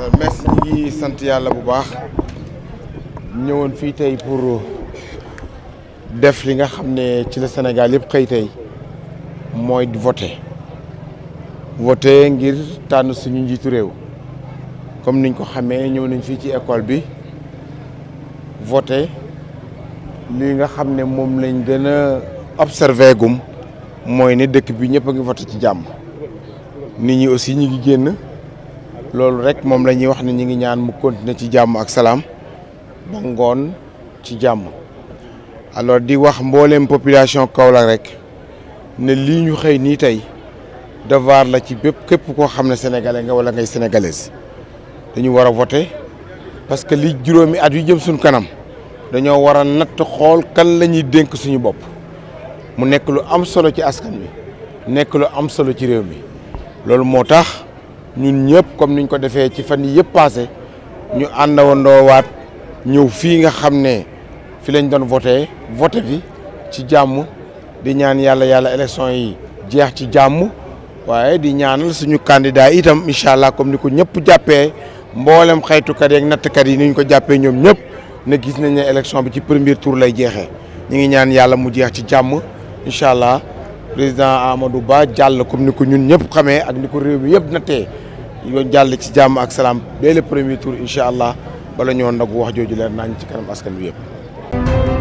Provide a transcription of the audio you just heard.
Euh, merci ñu sant yàlla bu baax ñëwoon fii tey pour def li nga xam ne ci la Sénégal yëpp xëy tey mooy voté voté ngir tànn suñu njiitu réew comme niñ ko xamee ñëw nañ fii ci école bi voté li nga xam ne moom lañ gën a observé gum mooy ne dëkk bi ñëpp a ngi voté ci jàmm nit ñi aussi ñi ngi génn. loolu rek moom la ñuy wax ne ñu ngi ñaan mu continuer ci jàmm ak salaam ba ngoon ci jàmm alors di wax mbooleem population Kaolack rek ne lii ñu xëy nii tey devoir la ci bépp képp koo xam ne sénégalais nga wala ngay sénégalaise dañu war a voter parce que lii juróomi at yu jëm suñ kanam dañoo war a natt xool kan lañuy ñuy dénk suñu bopp mu nekk lu am solo ci askan wi nekk lu am solo ci réew mi loolu moo tax ñun ñëpp comme niñ ko defee ci fan yii yëpp passé ñu àndawandoo waat ñëw fii nga xam ne fi lañ doon voté voté bi ci jàmm di ñaan yàlla yàlla élection yi jeex ci jàmm waaye di ñaanal suñu candidat itam incha allah comme ni ko ñëpp jàppee mboolem xaytukat yeeg nattkat yi ni ñu ko jàppee ñoom ñëpp ne gis nañ ne élection bi ci premier tour lay jeexee ñu ngi ñaan yàlla mu jeex ci jàmm incha allah président Amadou Ba jàll comme ni ko ñun ñëpp xamee ak ni ko réew mi yëpp nattee yoon jàll ci jàmm ak salaam dès le premier tour incha allah bala ñoo nag wax jooju leer naañ ci kanam askan wi yëpp.